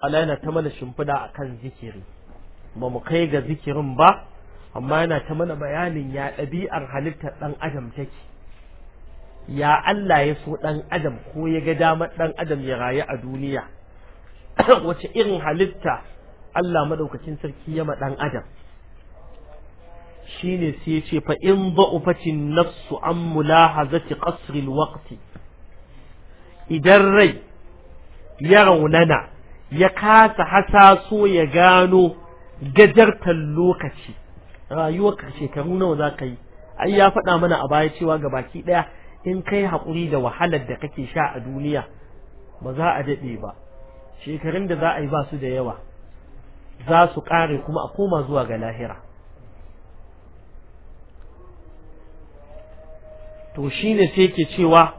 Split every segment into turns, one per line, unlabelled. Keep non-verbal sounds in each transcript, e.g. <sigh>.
Allah yana ta mana shimfiɗa akan zikiri ba mu kai ga zikirin ba amma yana ta mana bayanin ya ɗabi'ar halittar ɗan adam take ya Allah ya so ɗan adam ko ya ga damar ɗan adam ya rayu a duniya <coughs> wace irin halitta Allah madaukakin sarki ya ma ɗan adam shine sai ce fa in baufacin nafsu an mulahazati qasril waqti idan rai ya raunana ya kasa hasaso ya gano gajartan lokaci rayuwarka shekaru nawa za ka yi ai ya faɗa mana a baya cewa ga baki ɗaya in kai haƙuri da wahalar da kake sha a duniya ba za a daɗe ba shekarun da za a yi ba su da yawa za su ƙare kuma a koma zuwa ga lahira to shine sai ke cewa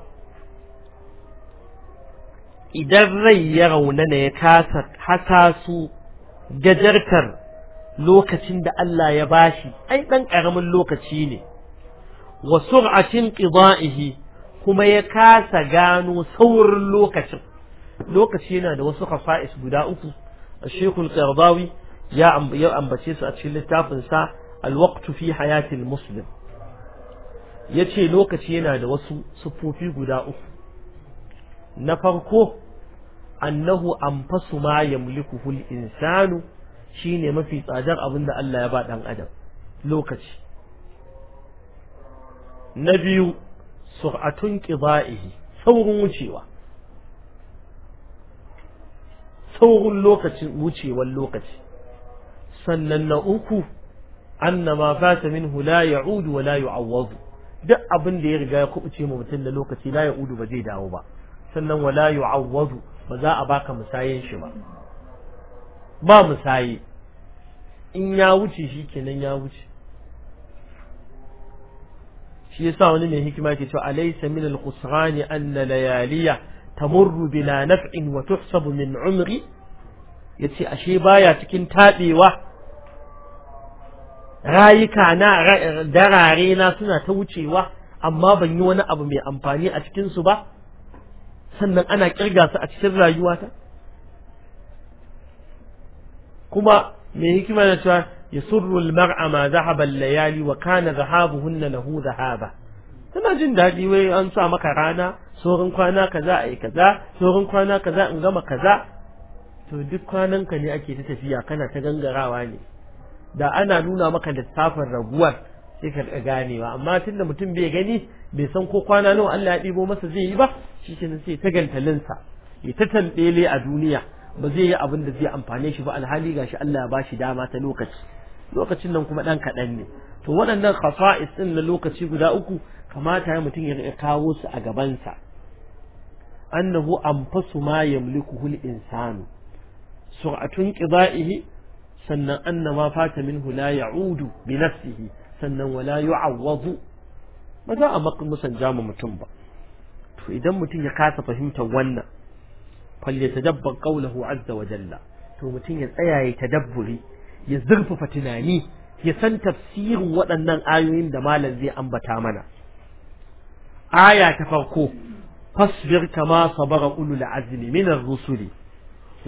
idan rai ya rauna raunana ya kasa hasasu gajartar lokacin da Allah ya bashi ai dan karamin lokaci ne wa sur'atin qida'ihi kuma ya kasa gano saurin lokacin lokaci yana da wasu khafa'is guda uku Sheikh al-Qardawi ya ambace su a cikin littafin sa al waqtu fi hayati al-muslim yace lokaci yana da wasu sufofi guda uku na farko annahu anfasu ma yamlikuhu insanu shine mafi tsadar abin da Allah ya ba dan adam lokaci na biyu sur'atun qida'ihi saurin wucewa saurin lokacin wucewar lokaci sannan na uku ma fata minhu la ya'udu wa la yu'awwadu duk abin da ya riga ya kubuce mu mutum da lokaci la ya'udu ba zai dawo ba sannan wala yu'awwadu ba za a baka musayen shi ba ba musaye in ya wuce shi kenan ya wuce shi yasa wani mai hikima ke cewa alaysa min al-khusran an layaliya tamurru bila naf'in wa tuhsabu min umri yace ashe baya cikin tabewa rayuka na darare na suna ta wucewa amma ban yi wani abu mai amfani a cikin su ba sannan ana kirga su a cikin rayuwata kuma mai hikima na cewa yasurru al-mar'a ma dhahaba al-layali wa kana dhahabuhunna lahu zahaba. tana jin daɗi wai an sa maka rana sauran kwana kaza a kaza sauran kwana kaza in gama kaza to duk kwananka ne ake ta tafiya kana ta gangarawa ne da ana nuna maka littafin raguwar sai ka ganewa amma tunda mutum bai gani bai san ko kwana nawa Allah ya ɗibo masa zai yi ba shi kenan sai ta gantalinsa ya ta tambele a duniya ba zai yi abin da zai amfane shi ba alhali gashi Allah ya shi dama ta lokaci lokacin nan kuma dan kaɗan ne to waɗannan khasa'is din na lokaci guda uku kamata ya mutum ya kawo su a gabansa annahu anfasu ma yamlikuhu al-insanu sur'atun qida'ihi sannan anna ma fata minhu la ya'udu bi nafsihi sannan wala yu'awwadu ba za a musan musanja mutum ba to idan mutum ya kasa fahimtar wannan falyatajabbar qawluhu azza wa jalla to mutum ya tsaya ya tadabburi ya zurfafa tunani ya san tafsirin waɗannan ayoyin da malam zai ambata mana aya ta farko fasbir kama sabara ulul azmi min ar-rusuli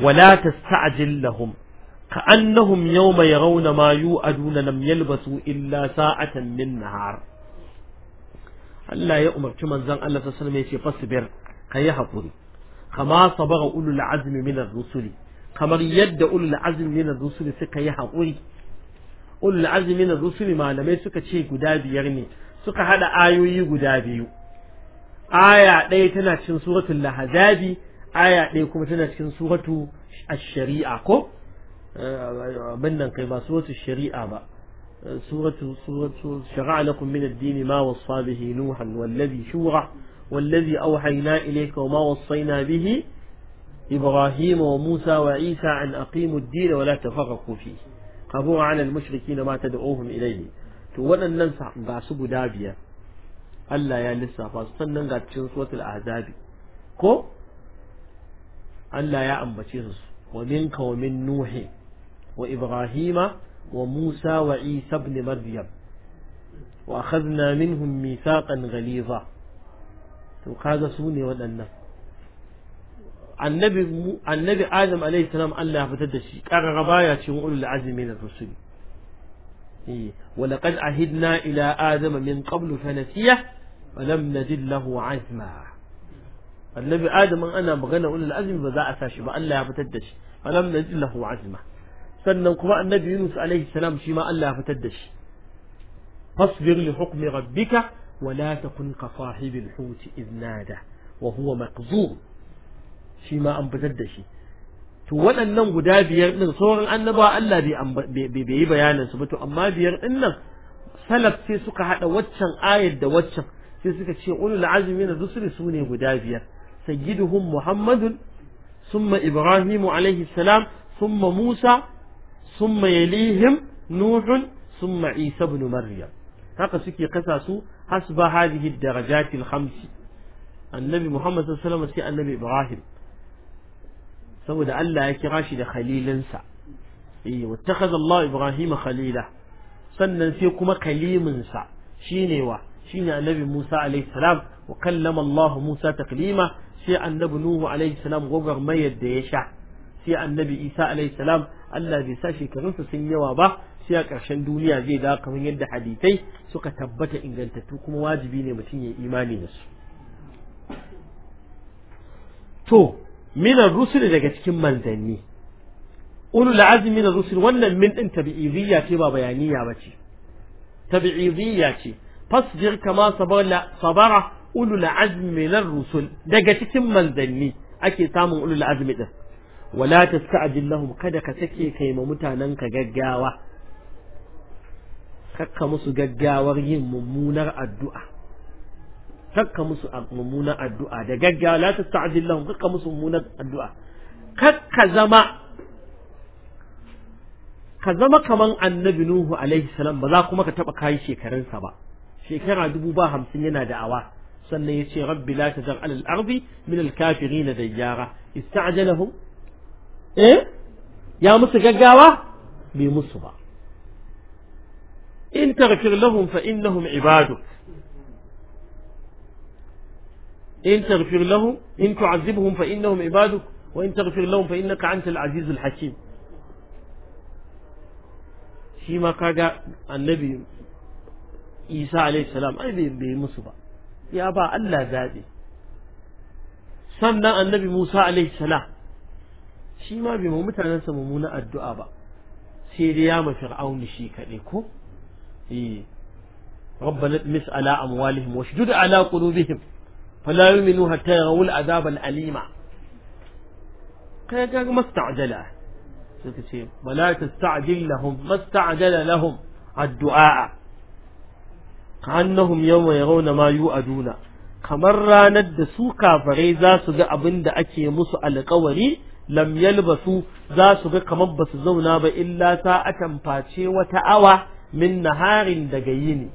ولا تستعجل لهم كأنهم يوم يرون ما يوعدون لم يلبسوا إلا ساعة من نهار Allah ya umarci manzon Allah ta alaihi wasallam ya ce fasbir kai hakuri kama sabara ulul azmi min ar-rusuli kamar yadda ulul azmi min ar-rusuli suka yi hakuri ulul azmi min ar-rusuli malamai suka ce guda biyar ne suka hada ayoyi guda biyu aya ɗaya tana cikin suratul lahazabi aya ɗaya kuma tana cikin suratu ash-shari'a ko eh, abin nan kai ba suratul shari'a ba سورة سورة شرع لكم من الدين ما وصى به نوحا والذي شورع والذي أوحينا إليك وما وصينا به إبراهيم وموسى وعيسى أن أقيموا الدين ولا تفرقوا فيه قبور على المشركين ما تدعوهم إليه تولى ننسى بعصب دابية ألا يا لسا فاستنن غاتشين سورة الأعذاب كو ألا يا أنبتيرس ومنك ومن نوح وإبراهيم وموسى وعيسى بن مريم وأخذنا منهم ميثاقا غليظا وقال سوني ودنا النبي النبي آدم عليه السلام الله فتد الشيء قال غبايا تقول العزم من الرسل إيه. ولقد عهدنا إلى آدم من قبل فنسيه ولم نجد له عزما النبي آدم أنا بغنى أقول العزم بذا أساشي بأن لا فتد الشيء ولم نجد له عزما sannan kuma annabi Yunus alaihi salam shi ma Allah ya fitar da shi fasbir li hukmi rabbika wa la takun ka sahibil huti idnada wa huwa maqzum shi ma an fitar da shi to waɗannan guda biyar din sauran annaba Allah bai bai yi bayanin su ba to amma biyar din nan salaf sai suka hada waccan ayar da waccan sai suka ce ulul azmi na rusuli sune guda biyar sayyiduhum muhammadun summa ibrahimu alaihi salam summa musa summa yalihim nuhun suma isabnu ibn maryam haka suke kasa su hasba hadhihi darajati al-khamsi annabi muhammad sallallahu sai annabi ibrahim saboda Allah ya kira shi da khalilinsa eh wattakhadha Allah khalila sannan sai kuma kaliminsa shine wa shine annabi Musa alaihi salam wa kallama Musa taklima sai annabi Nuhu alaihi salam gogar mayar da ya sha sai annabi Isa Allah bai sa shekarunsa sun yawa ba sai a ƙarshen duniya zai da kamar yadda hadisai suka tabbata ingantattu kuma wajibi ne mutum ya imani da su to minar rusul daga cikin manzanni ulul azmi minar rusul wannan min din tabi'iziyya ce ba bayaniya ba ce tabi'iziyya ce fasbir kama sabara ulul azmi minar rusul daga cikin manzanni ake samun ulul azmi din wala tasta'jil lahum kada ka sake kai ma mutanen ka gaggawa kakka musu gaggawar yin mummunar addu'a kakka musu mummunar addu'a da gaggawa la tasta'jil lahum kakka musu mummunar addu'a kakka zama ka zama kaman annabi Nuhu alaihi salam ba za kuma ka taba kai sa ba shekara dubu ba hamsin yana da awa sannan ya ce rabbi la tazar alal ardi min al kafirin da yara istajalahum eh ya musu gaggawa bai musu ba in tarfir lahum fa innahum ibaduk in tarfir lahum in tu'azibhum fa innahum ibaduk wa in tarfir lahum fa innaka antal azizul hakim shi ma kaga annabi Isa alayhi salam ai bai musu ba ya ba Allah zabi sannan annabi Musa alayhi salam shi ma bai mu mutanensa mummuna addu'a ba sai dai ya ma fir'auni shi kaɗai ko eh ربنا اطمس على أموالهم واشدد على قلوبهم فلا يؤمنوا حتى يروا العذاب الأليم كذا ما استعجل ولا تستعجل لهم ما استعجل لهم الدعاء كأنهم يوم يرون ما يؤدون kamar ranar da su kafare za su ga abin da ake musu alkawari lam yalbasu za su ga kamar ba su zauna ba illa sa atamface wata awa min naharin daga yini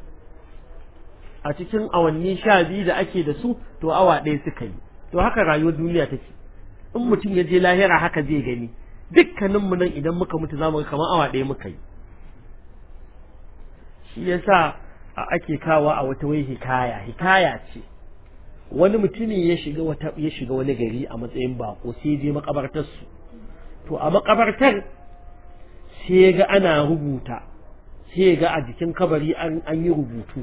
a cikin awanni sha biyu da ake da su to awa ɗaya suka yi to haka rayuwar duniya take in mutum ya je lahira haka zai gani dukkaninmu nan idan muka mutu za mu ga kamar awa ɗaya muka yi shi yasa ake kawa a wata wai hikaya hikaya ce wani mutumin ya shiga wata ya shiga wani gari a matsayin bako sai je makabartar su to a makabartar sai ga ana rubuta sai ga a jikin kabari an an yi rubutu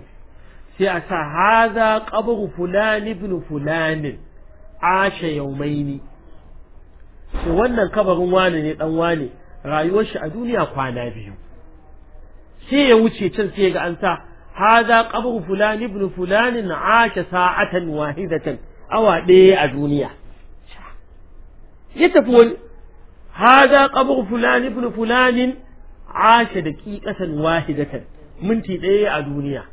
sai a sa haza qabru fulan ibn fulan asha yawmaini to wannan kabarin wane ne dan wani rayuwar shi a duniya kwana biyu sai ya wuce can sai ga an sa haza ƙabar fulani ibn fulanin ashe sa'atan wahidatan awa ɗaya a duniya. Ya tafi wani, haza ƙabar fulani ibn fulanin ashe da ƙiƙasan wahidatan minti ɗaya a duniya.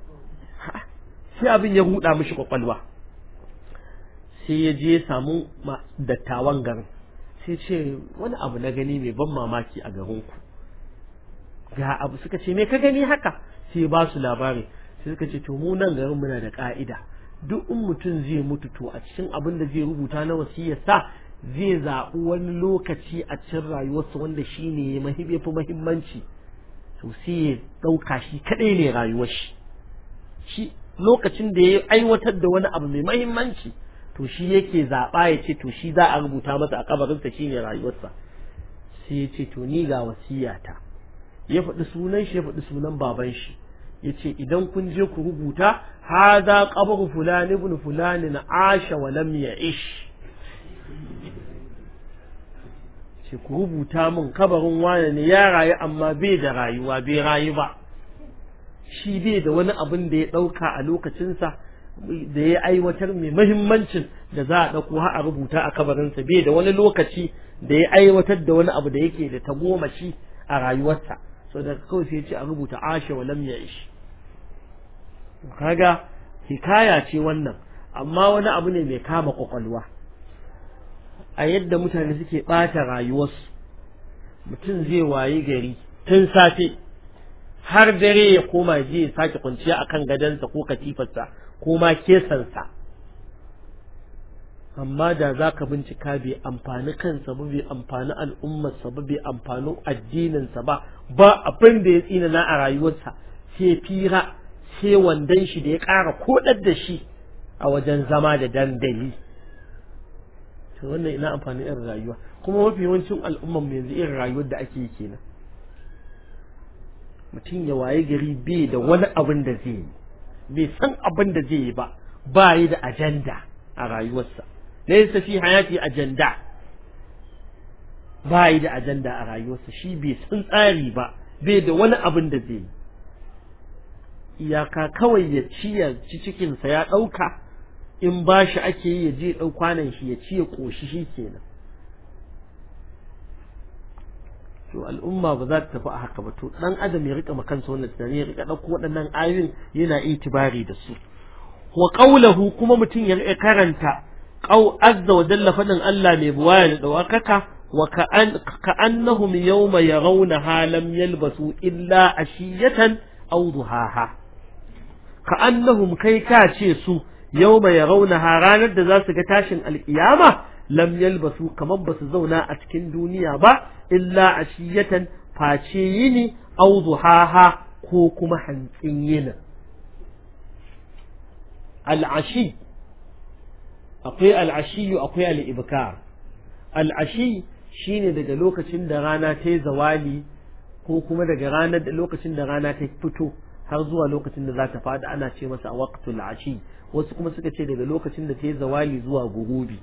Sai abin ya huɗa mishi kwakwalwa. Sai ya je samu dattawan garin. Sai ce wani abu na gani mai ban mamaki a garinku. Ga abu suka ce, me ka gani haka? sai ba su labari sai suka ce to mu nan garin muna da ka'ida duk in mutum zai mutu to a cikin abin da zai rubuta na wasiyarsa zai zaɓi wani lokaci a cikin rayuwarsa wanda shi ne ya fi mahimmanci to sai ya ɗauka shi kaɗai ne rayuwar shi lokacin da ya aiwatar da wani abu mai mahimmanci to shi yake zaɓa ya ce to shi za a rubuta masa a kabarinsa shi ne rayuwarsa sai ya ce to ni ga wasiyata ya faɗi sunan shi ya faɗi sunan baban shi Ya ce idan kun je ku rubuta haza qabru fulan ibn na asha wa lam ya'ish ce ku rubuta min kabarin wane ne ya rayu amma bai da rayuwa bai rayu ba shi bai da wani abin da ya ɗauka a lokacinsa da ya aiwatar mai mahimmancin da za a ɗauko har a rubuta a kabarinsa bai da wani lokaci da ya aiwatar da wani abu da yake da tagomashi a rayuwarsa Sau da kawai sai ce a rubuta ashe wa lam ya'ish kaga hikaya ce wannan amma wani abu ne mai kama kwakwalwa a yadda mutane suke ɓata rayuwarsu mutum zai wayi gari tun safe har dare ya koma je ya sake kwanciya akan gadansa ko katifarsa ko ma kesansa amma da za ka bincika bai amfani kansa ba bai amfani al'ummarsa ba bai amfani addininsa ba ba abin da ya tsina na a rayuwarsa sai fira sai wandon shi da ya ƙara koɗar da shi a wajen zama da dandali to wannan ina amfani irin rayuwa kuma mafi yawancin al'ummar mu yanzu irin rayuwar da ake yi kenan mutum ya waye gari bai da wani abin da zai yi bai san abin da zai yi ba ba yi da ajanda a rayuwarsa laysa fi hayati ajanda bai da ajanda a rayuwarsa shi bai san tsari ba bai da wani abin da zai yi iyaka kawai ya ci ya ci cikinsa ya ɗauka in ba shi ake yi ya je ɗau kwanan shi ya ci ya ƙoshi shi kenan to al'umma ba za ta tafi a haka ba to dan adam ya rika makan sa wannan tunani ya rika dauko waɗannan ayoyin yana itibari da su wa qawluhu kuma mutum ya karanta qau azza wa jalla fadin Allah mai buwaya da dawakaka wa ka'an ka'annahum yawma yarawna halam yalbasu illa ashiyatan aw duhaha ka'annahum kai ka ce su yawma yarawna ranar da za su ga tashin alkiyama lam yalbasu kamar basu zauna a cikin duniya ba illa ashiyatan face yini aw duhaha ko kuma hantsin yini al'ashi akwai al'ashiyu akwai al'ibkar al'ashi shine daga lokacin da rana ta zawali ko kuma daga ranar da lokacin da rana ta fito har zuwa lokacin da za ta fada ana ce masa a waktu al'ashi wasu kuma suka ce daga lokacin da ta zawali zuwa gurubi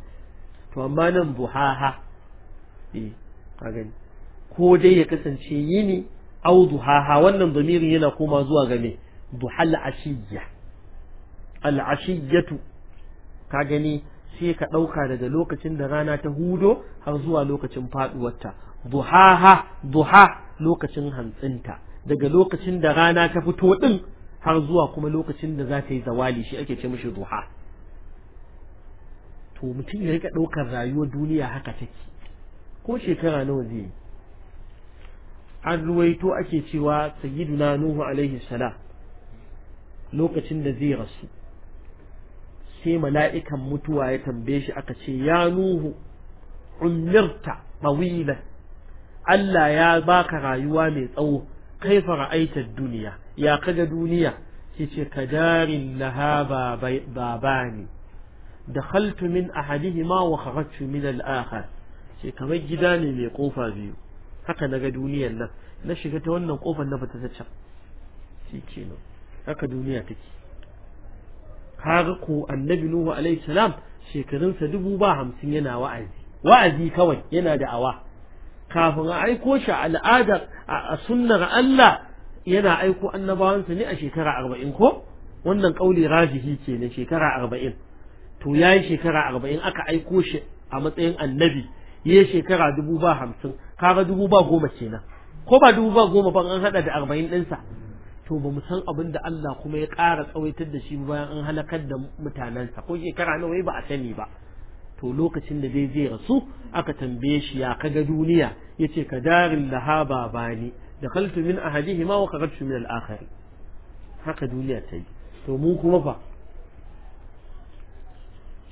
to amma nan buhaha eh ka gani ko dai ya kasance yini au duhaha wannan damirin yana koma zuwa game duhal ashiyya al ashiyatu ka gani sai ka ɗauka daga lokacin da rana ta hudo har zuwa lokacin faɗuwarta duhaha buha lokacin hantsinta daga lokacin da rana ta fito ɗin har zuwa kuma lokacin da za ta yi zawali shi ake ce mishi buha. to mutum ya rika ɗaukar rayuwar duniya haka take ko shekara nawa zai yi an ruwaito ake cewa sayyiduna nuhu alaihi salam lokacin da zai rasu sai mala'ikan mutuwa ya tambaye shi aka ce ya nuhu umirta tawila Allah ya baka rayuwa mai tsawo kaifa ra'aita duniya ya kaga duniya ce yace kadarin laha babani dakhaltu min ahadihima wa kharajtu min al-akhar ce kamar gida ne mai ƙofa biyu haka na ga duniyar nan na shiga ta wannan kofar na fita ta can shi kenan haka duniya take kaga ko annabi nuhu alayhi salam sa dubu ba hamsin yana wa'azi wa'azi kawai yana da awa kafin a aiko shi al'adar a sunnar Allah yana aiko annabawansa ne a shekara arba'in ko wannan kauli rajihi ce ne shekara arba'in to ya yi shekara arba'in aka aiko shi a matsayin annabi ya shekara dubu ba hamsin kaga dubu ba goma kenan ko ba dubu ba goma ba an haɗa da arba'in ɗinsa to ba mu san abin da Allah kuma ya ƙara tsawaitar da shi bayan an halakar da mutanensa ko shekara nawa ba a sani ba to lokacin da zai zai rasu aka tambaye shi ya kaga duniya yace ka darin laha bani da kaltu min ahadihima wa kagartu min al-akhar haka duniya ta yi to mu kuma fa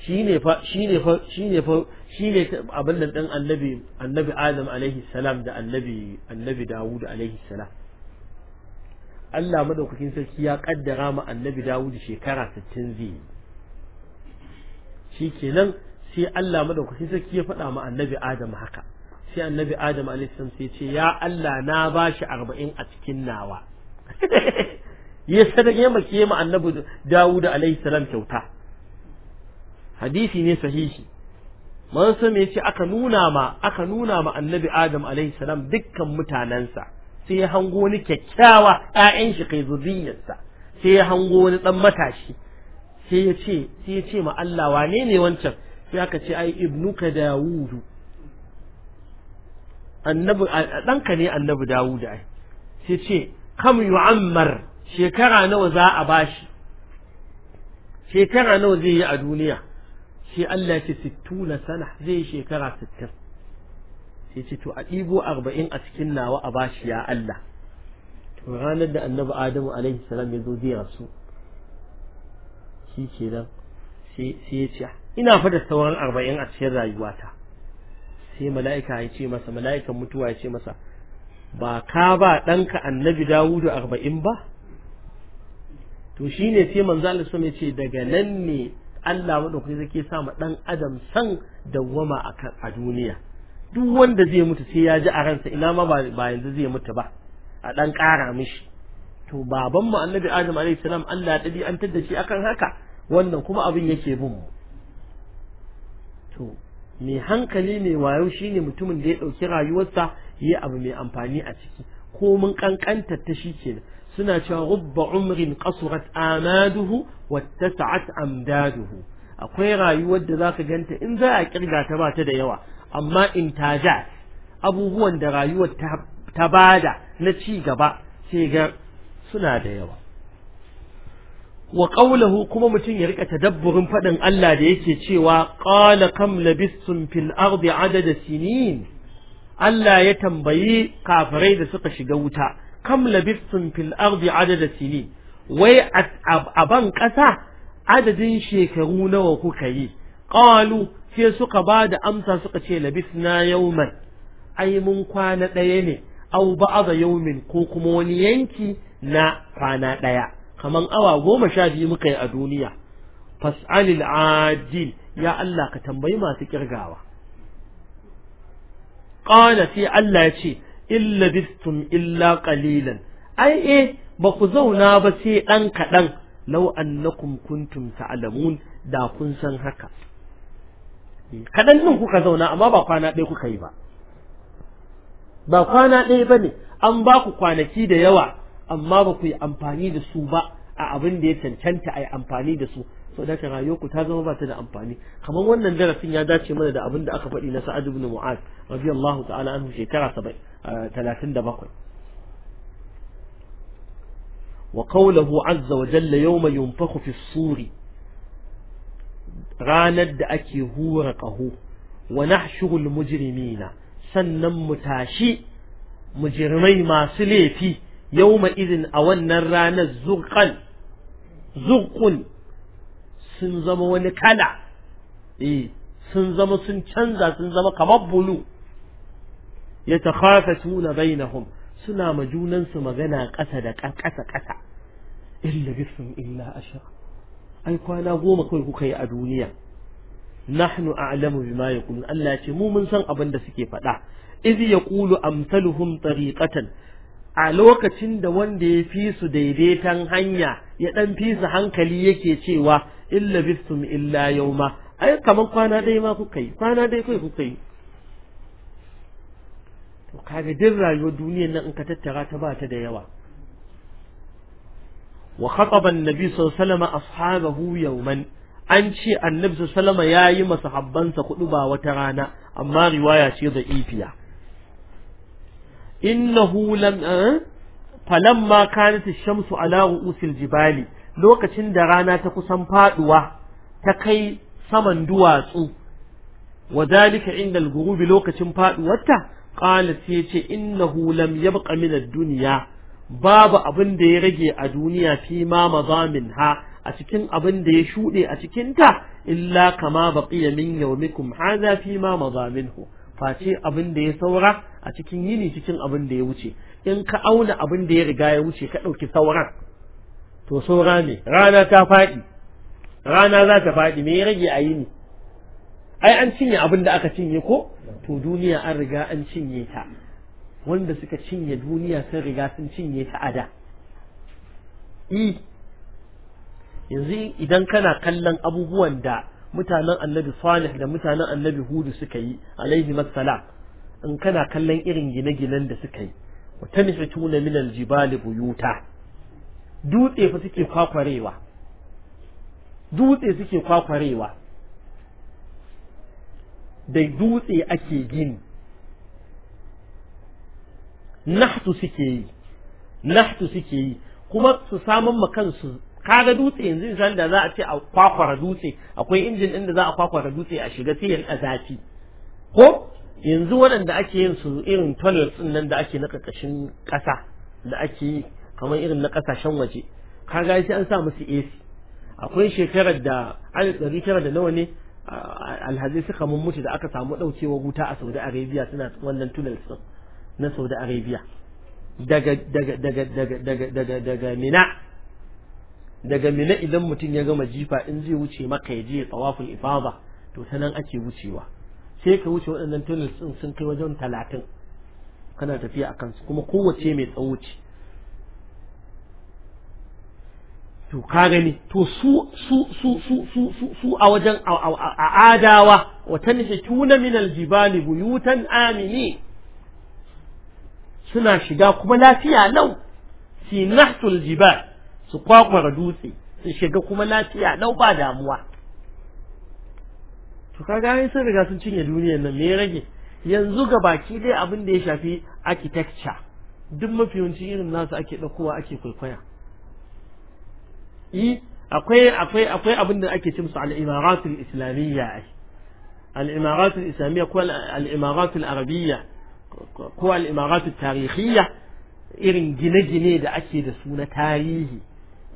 shine fa shine fa shine fa shine abin da dan annabi annabi Adam alaihi salam da annabi annabi Dawud alaihi salam Allah madaukakin sarki ya kaddara ma annabi Dawud shekara 60 zai shikenan sai Allah madaukakin sarki ya faɗa ma annabi Adam haka sai annabi Adam alaihissalam sai ce ya Allah na ba shi 40 a cikin nawa <laughs> ya sadaka ya make ma annabi Dawud alaihissalam kyauta hadisi ne sahihi man san me yace aka nuna ma aka nuna ma annabi Adam alaihissalam dukkan mutanansa sai ya hango wani kyakkyawa ƴaƴan shi kai zuriyarsa sai ya hango wani dan matashi sai ya ce sai ya ce ma Allah wane ne wancan sai aka ce ai ibnuka dawudu annabi ɗanka ne annabi dawudu ai sai ce kam yu'ammar shekara nawa za a bashi shekara nawa zai yi a duniya sai Allah ya ce 60 sana zai yi shekara sittin sai ce to a ɗibo arba'in a cikin nawa a bashi ya Allah to ranar da annabi adamu alaihi salam ya zo zai rasu shi ke nan sai ya ce ina fa da sauran arba'in a cikin rayuwata sai mala'ika ya ce masa mala'ikan mutuwa ya ce masa ba ka ba ɗanka annabi dawudu arba'in ba to shi ne sai manzo Allah ya ce daga nan ne Allah madaukaki zai ke sa ma dan adam san dawwama a duniya duk wanda zai mutu sai ya ji a ransa ina ma ba yanzu zai mutu ba a dan ƙara mishi to baban mu annabi adam alayhi salam Allah ya an da shi akan haka wannan kuma abin yake bin mu to me hankali mai wayo shine mutumin da ya dauki rayuwarsa yi abu mai amfani a ciki ko mun kankanta ta shi kenan suna cewa rubba umrin qasurat amaduhu wattasat amdaduhu akwai rayuwar da zaka ganta in za a kirga ta ba ta da yawa amma in intajat abubuwan da rayuwar ta bada na ci gaba sai ga suna da yawa wa qawluhu kuma mutum ya rika tadabburin fadin Allah da yake cewa qala kam labistum fil ardi adada sinin Allah ya tambayi kafirai da suka shiga wuta kam labistum fil ardi adada sinin wai a ban kasa adadin shekaru nawa kuka yi qalu sai suka ba da amsa suka ce labisna yauman ai mun kwana ɗaya ne au ba'adha yaumin ko kuma wani yanki na kwana ɗaya Kamar awa goma sha biyu muka yi a duniya fas'alil adil ya Allah ka tambayi masu kirgawa qala sai Allah ya ce illa bistum illa qalilan ai eh ba ku zauna ba sai dan kadan law annakum kuntum ta'lamun da kun san haka kaɗan ɗin kuka zauna amma ba kwana ɗaya kuka yi ba ba kwana ɗaya ba ne an ba ku kwanaki da yawa amma ba ku yi amfani da su ba a abin da ya cancanta a yi amfani da su so da ka ku ta zama ba ta da amfani kamar wannan darasin ya dace mana da abin da aka faɗi na sa'ad ibn mu'az radiyallahu ta'ala anhu shekara 37 wa qawluhu azza wa jalla yawma yunfakhu fi suri ranar da ake hura ƙaho wa nahshurul mujrimina sannan mu tashi mujrimai masu laifi yawma idin a wannan ranar zurqan zurqun sun zama wani kala eh sun zama sun canza sun zama kamar bulu yatakhafatuna bainahum suna majunan su magana ƙasa da ƙasa ƙasa illa bisum illa ashara ai kwana goma kawai kuka yi a duniya nahnu a'lamu bima yaqulun Allah ya ce mu mun san abin da suke faɗa iz yaqulu amsaluhum tariqatan a lokacin da wanda ya fi su daidaitan hanya ya dan fi su hankali yake cewa illa bistum illa yawma ai kaman kwana dai ma kuka yi kwana dai kai kuka yi to kaga din rayuwar duniyar nan in ka tattara ta ba ta da yawa wa khataba annabi sallallahu alaihi wasallam ashabahu yawman an ce annabi sallallahu yayi masahabbansa kudu ba wata rana amma riwaya ce da ifiya innahu lam eh, falamma kanat ash-shamsu ala ru'usil jibali lokacin da rana ta kusan faduwa ta kai saman duwatsu wa dalika inda al-ghurub lokacin faduwarta qala sai ce innahu lam yabqa min ad-dunya babu abin da ya rage a duniya fi ma mazamin ha a cikin abin da ya shuɗe a cikin ta illa kama baqiya min yawmikum hadha fi ma mazaminhu face abin da ya saura a cikin yini cikin abin da ya wuce in ka auna abin da ya riga ya wuce ka ɗauki sauran to saura ne rana ta faɗi rana za ta faɗi me ya rage a yini ai an cinye abin da aka cinye ko to duniya an riga an cinye ta wanda suka cinye duniya sun riga sun cinye ta ada i yanzu idan kana kallon abubuwan da mutanen annabi salih da mutanen annabi hudu suka yi alaihi masala in kana kallon irin gine-ginen da suka yi wata tuna min aljibali buyuta dutse fa suke kwakwarewa dutse suke kwakwarewa da dutse ake gini nahtu suke yi nahtu suke yi kuma su samun ma kansu kaga dutse yanzu misali da za a ce a kwakwara dutse akwai injin din da za a kwakwara dutse a shiga sai a zafi ko yanzu waɗanda ake yin su irin tunnels din nan da ake na ƙarƙashin ƙasa da ake yi kamar irin na ƙasashen waje kaga sai an sa musu AC akwai shekarar da alif ɗari tara da nawa ne alhazi suka mun mutu da aka samu ɗaukewar wuta a Saudi Arabia suna wannan tunnels din na Saudi Arabia daga daga daga daga daga daga daga Mina daga Mina idan mutum ya gama jifa in zai wuce maka ya je tawaful ifada to ta nan ake wucewa sai ka wuce waɗannan tunnels din sun kai wajen talatin kana tafiya a kansu, kuma kowace mai tsawo ce to ka gani to su su su su su su su a wajen a adawa wa tanhituna min jibali buyutan amini suna shiga kuma lafiya lau si nahtul jibal su kwakwara dutse su shiga kuma lafiya lau ba damuwa to kaga ai sun riga sun cinye duniyar nan me rage yanzu ga baki dai abin da ya shafi architecture duk mafiyancin irin nasu ake ɗaukowa ake kwaikwaya eh, akwai akwai akwai abin da ake cimsu al-imaratul islamiyya ai al-imaratul islamiyya ko al-imaratul arabiyya ko al'imaratu tarihiyya irin gine-gine da ake da su na tarihi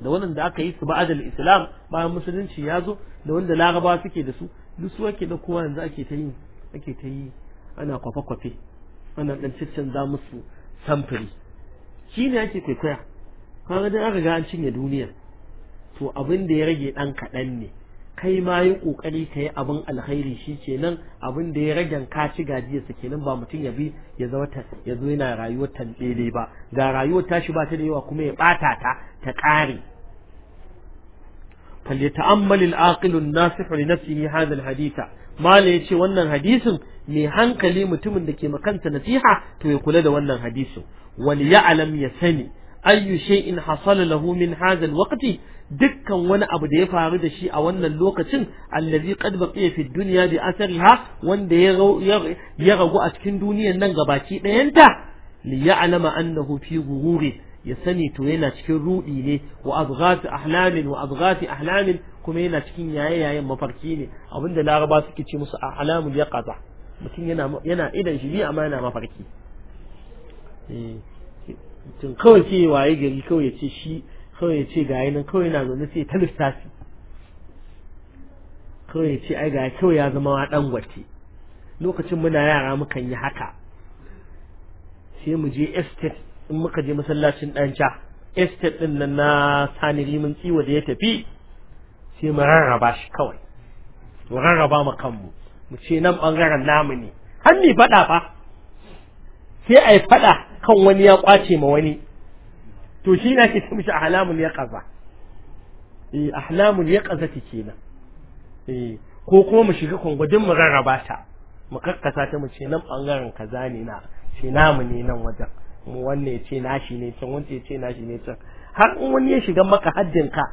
da wannan da aka yi su ba'adal islam bayan musulunci ya zo da wanda laraba suke da su duk su wake da kowa yanzu ake ta yi ake ta ana kwafe-kwafe ana dan za musu samfuri shi ne ake kwaikwaya kaga dan aka ga an cinye duniya to abin da ya rage dan kaɗan ne kai ma yi kokari ka yi abin alhairi shi kenan abin da ya ragen ka ci gajiyarsa kenan ba mutum ya bi ya zo yana rayuwar tantsele ba ga rayuwar tashi ba ta da yawa kuma ya ɓata ta ta kare na العاقل na لنفسه هذا hadisa ما ya ce wannan hadisin mai hankali mutumin da ke makanta nasiha to ya kula da wannan hadisin wal alam ya sani ayyu shay'in hasala lahu min hadha alwaqti dukkan wani abu da ya faru da shi a wannan lokacin allazi qad baqiya fi dunya bi athariha wanda ya ragu a cikin duniyar nan gabaki dayanta li ya'lama annahu fi ghururi ya sani to yana cikin rudi ne wa adghat ahlamin wa adghat ahlamin kuma yana cikin yaye mafarki ne abinda laraba suke ce musu ahlamul yaqaza mutum yana yana idan shi bi amma yana mafarki eh mutum kawai ce waye gari kawai ya ce shi kawai ya ce gayi nan kawai na zaune sai ta lissafi kawai ya ce ai gayi kawai ya zama wa dan gwate lokacin muna yara mukan yi haka sai mu je estate in muka je masallacin dan ca estate din nan na sani rimin tsiwa da ya tafi sai mu rarraba shi kawai mu rarraba mu kanmu mu ce nan bangaren namu ne har ni fada fa sai ai fada kan wani ya kwace ma wani to shi na ke mishi ahlamul yaqaza eh ahlamul yaqaza kenan eh ko kuma mu shiga kwangwajin mu rarraba ta mu karkasa ta mu ce nan bangaren kaza ne na ce namu ne nan wajen mu wanne ya ce nashi ne can wancan ya ce nashi ne can har in wani ya shiga maka haddin ka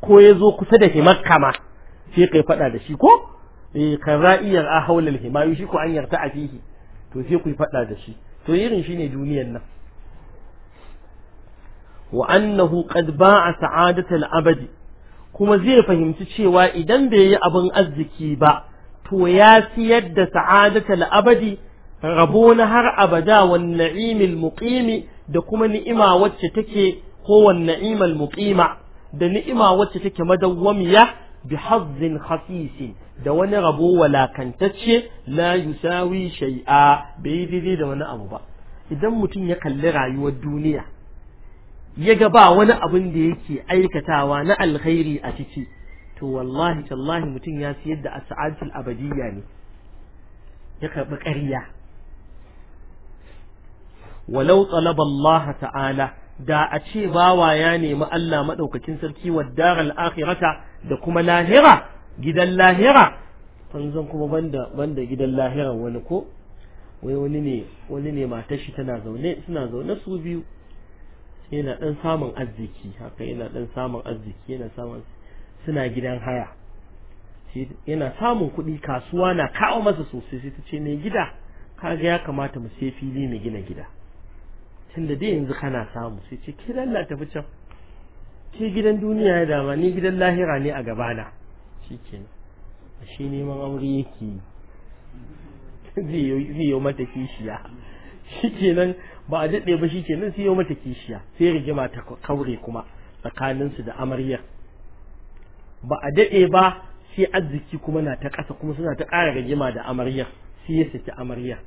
ko ya zo kusa da himakka ma sai kai faɗa da shi ko eh kan ra'iyar a haulal himayu shi ko an yarta a fihi to sai ku faɗa da shi to irin shine duniyar nan wa annahu qad ba'a sa'adatal abadi kuma zai fahimci cewa idan bai yi abin arziki ba to ya siyar da sa'adatal abadi rabo na har abada wan na'imil muqimi da kuma ni'ima wacce take ko wan na'imal muqima da ni'ima wacce take madawwamiya bi hazzin khafisin da wani rabo walakantacce la yusawi shay'a bai daidai da wani abu ba idan mutum ya kalli rayuwar duniya ya ga ba wani abin da yake aikatawa na alkhairi a ciki to wallahi tallahi mutum ya siyar da as'adul abadiyya ne ya karbi ƙarya walau talaba Allah ta'ala da a ce bawa ya nemi Allah madaukakin sarki wa daral akhirata da kuma lahira gidan lahira an zan kuma banda banda gidan lahira wani ko wai wani ne wani ne matar shi tana zaune suna zaune su biyu yana dan samun arziki haka yana dan samun arziki yana samun suna gidan haya yana samun kuɗi kasuwa na kawo masa sosai sai ta ce ne gida kaga ya kamata mu sai fili mu gina gida tunda dai yanzu kana samu sai ce ke lalla tafi can ke gidan duniya ya dama ni gidan lahira ne a gabana shikenan shi neman aure yake zai yi mata kishiya nan ba a daɗe ba shikenan sai yi mata kishiya sai rigima ta kaure kuma tsakaninsu da amaryar ba a daɗe ba sai arziki kuma na ta ƙasa kuma suna ta ƙara rigima da amaryar sai ya saki amaryar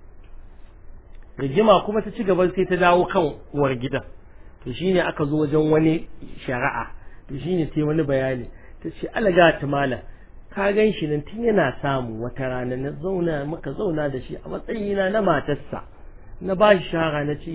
rigima kuma ta ci gaba sai ta dawo kan uwar gidan to shine aka zo wajen wani shari'a to shine sai wani bayani ta ce alaga ta malam ka gan shi nan tun yana samu wata rana na zauna muka zauna da shi a matsayina na matarsa na ba shi shara na ce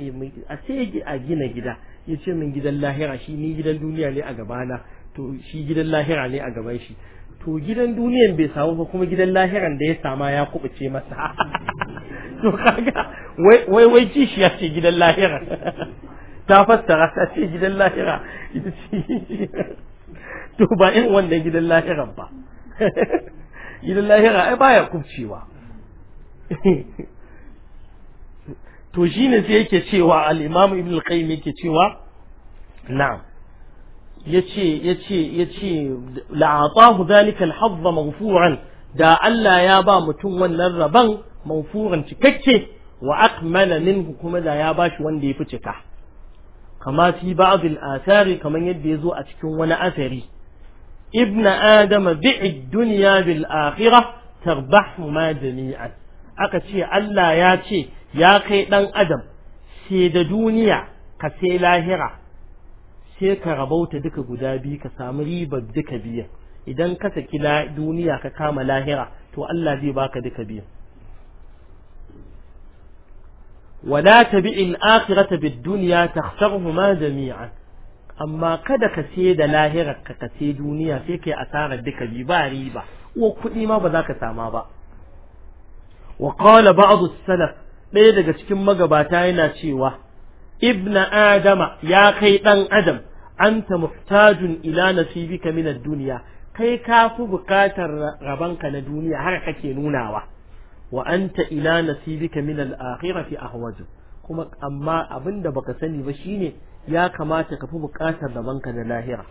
a ce a gina gida ya ce min gidan lahira shi ni gidan duniya ne a gabana to shi gidan lahira ne a gaban shi to gidan duniyan bai samu ba kuma gidan lahiran da ya sama ya kubuce masa <laughs> to kaga wai wai shi ya ce gidan lahira <laughs> ta fassara ta ce gidan lahira <laughs> ita ce to ba in wannan gidan lahiran ba <laughs> gidan lahira ai baya kubcewa <laughs> to shine sai yake cewa al-imam ibn al-qayyim yake cewa na'am yace yace yace la'atahu dhalika al-hadd maghfuran da Allah ya ba mutum wannan raban maghfuran cikakke wa akmala minhu kuma da ya bashi wanda ya fi cika kama fi ba'd al-athari kaman yadda yazo a cikin wani asari ibn adama bi'id duniya bil akhirah tarbahu ma jami'an aka ce Allah ya ce ya kai dan adam sai da duniya ka sai lahira sai ka rabauta duka guda biyu ka samu ribar duka biyu idan ka saki duniya ka kama lahira to Allah zai baka duka biyu wala tabi'il akhirata bid dunya takhsaruhuma jami'an amma kada ka sai da lahirar ka ka sai duniya sai kai asarar duka bi ba riba wa kuɗi ma ba za ka sama ba wa qala ba'd salaf ɗaya daga cikin magabata yana cewa ibna adama ya kai dan adam anta muhtajun ila nasibika min ad-dunya kai ka fi bukatar rabanka na duniya har kake nunawa wa anta ila nasibika min al-akhirati ahwaju kuma amma abinda baka sani ba shine ya kamata ka fi buƙatar rabanka na lahira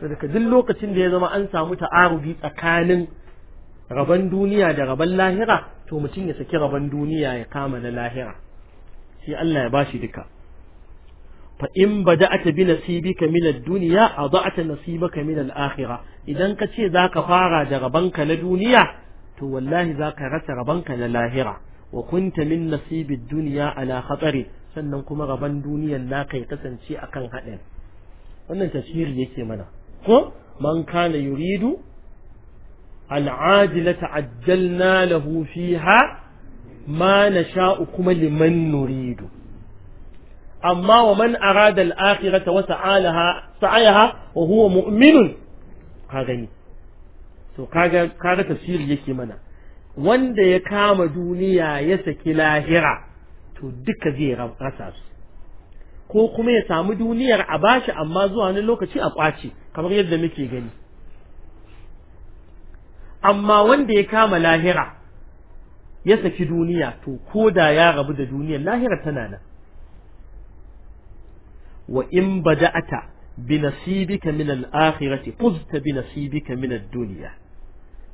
saboda duk lokacin da ya zama an samu ta'arubi tsakanin raban duniya da raban lahira to mutum ya saki raban duniya ya kama na lahira sai Allah ya bashi duka fa in bada'ata bi nasibika min ad-dunya adha'ata nasibaka min al-akhirah idan ka ce zaka fara da rabanka na duniya to wallahi zaka rasa rabanka na lahira wa kunta min nasibid dunya ala khatari sannan kuma rabon duniyar naka ya kasance akan haɗin wannan tafsiri yake mana ko man kana yuridu al'ajilata ajjalna lahu fiha ma nasha'u kuma liman nuridu amma wa man arada al'akhirata wa sa'alaha sa'ayaha wa huwa mu'minun ka gani to kaga kaga tafsiri yake mana wanda ya kama duniya ya saki lahira to duka zai rasa su ko kuma ya samu duniyar a bashi amma zuwa wani lokaci a kwace kamar yadda muke gani amma wanda ya kama lahira ya saki duniya to ko da ya rabu da duniyar lahira tana nan wa in bada'ata bi nasibika min al-akhirati quzta bi nasibika min ad-dunya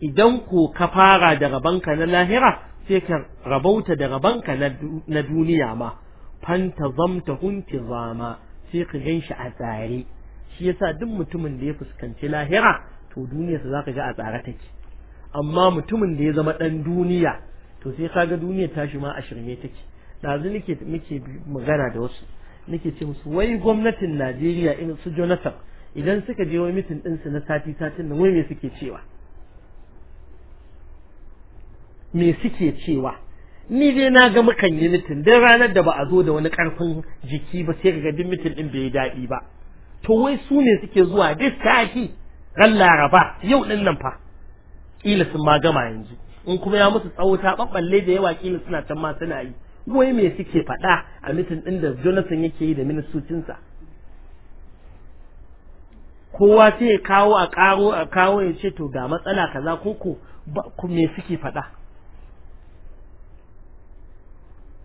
idan ko ka fara da rabanka na lahira sai ka rabauta da rabanka na duniya ma fanta zamta hunti zama sai ka gan shi a tsare shi yasa duk mutumin da ya fuskanci lahira to duniyarsa za ka ga a tsare take amma mutumin da ya zama ɗan duniya to sai ka ga ta tashi ma a shirme take ɗazu nake muke magana da wasu nake ce musu wai gwamnatin najeriya in su jonathan idan suka je wai mitin ɗinsu na sati satin nan wai me suke cewa me suke cewa ni dai na ga mukan yi mitin dan ranar da ba a zo da wani karfin jiki ba sai ga duk mitin din bai daɗi ba to wai su ne suke zuwa duk kafi ran laraba yau din nan fa kila sun ma gama yanzu in kuma ya musu tsawo ta babballe da yawa kila suna can ma suna yi wai me suke faɗa a mitin din da Jonathan yake yi da ministocinsa kowa sai ya kawo a karo a kawo ya ce to ga matsala kaza ko ku me suke faɗa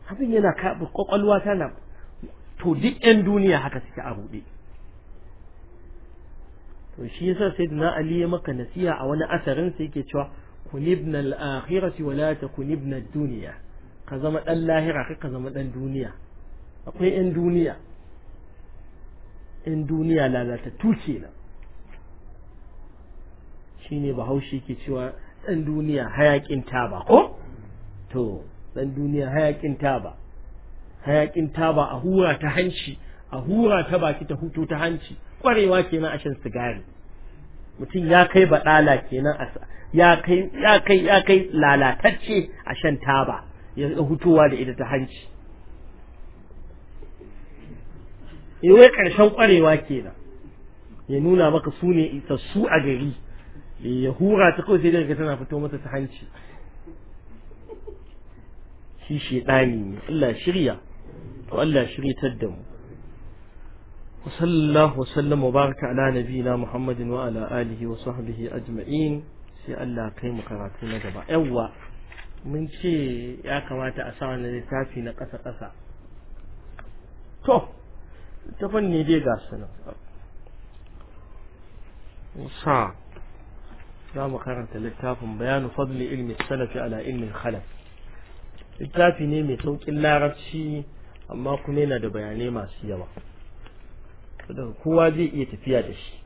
abin yana kaɓa kwakwalwa tana to duk 'yan duniya haka suke a buɗe to shi yasa ali ya maka nasiha a wani asarin sai yake cewa ka zama dan lahira ka zama dan duniya akwai 'yan duniya 'yan duniya lalata tuce na shine bahaushe ke cewa dan duniya hayakin taba ko to dan duniya hayakin taba hayakin taba a hura ta hanci a hura ta baki ta hutu ta hanci kwarewa kenan a shan sigari mutum ya kai baɗala kenan a ya kai ya kai ya kai lalatacce a shan taba ya hutuwa da ita ta hanci eh, wai ƙarshen kwarewa kenan ya nuna maka sune ne isassu a gari eh, ya hura ta kawai sai daga tana fito masa ta hanci shi shaidani ne Allah shirya to Allah shiryatar da mu sallallahu وصلى الله ala وبارك muhammadin wa ala alihi wa sahbihi ajma'in sai Allah kai mu karatu na gaba yawa mun ce ya kamata a sa wannan littafi na kasa kasa to ta fanni dai ga su nan sa za mu karanta littafin bayanu fadli ilmi salafi ala ilmi khalaf littafi ne mai saukin larabci amma kuma yana da bayanai masu yawa saboda kowa zai iya tafiya da shi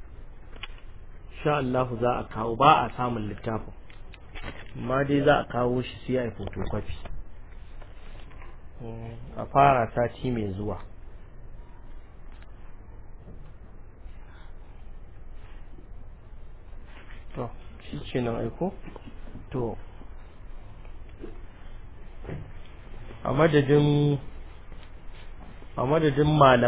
sha'allahu Allah za a kawo ba a samun littafin amma dai za a kawo shi sai a yi photocopy a fara sati mai zuwa to shi ce nan aiko to a madadin a madadin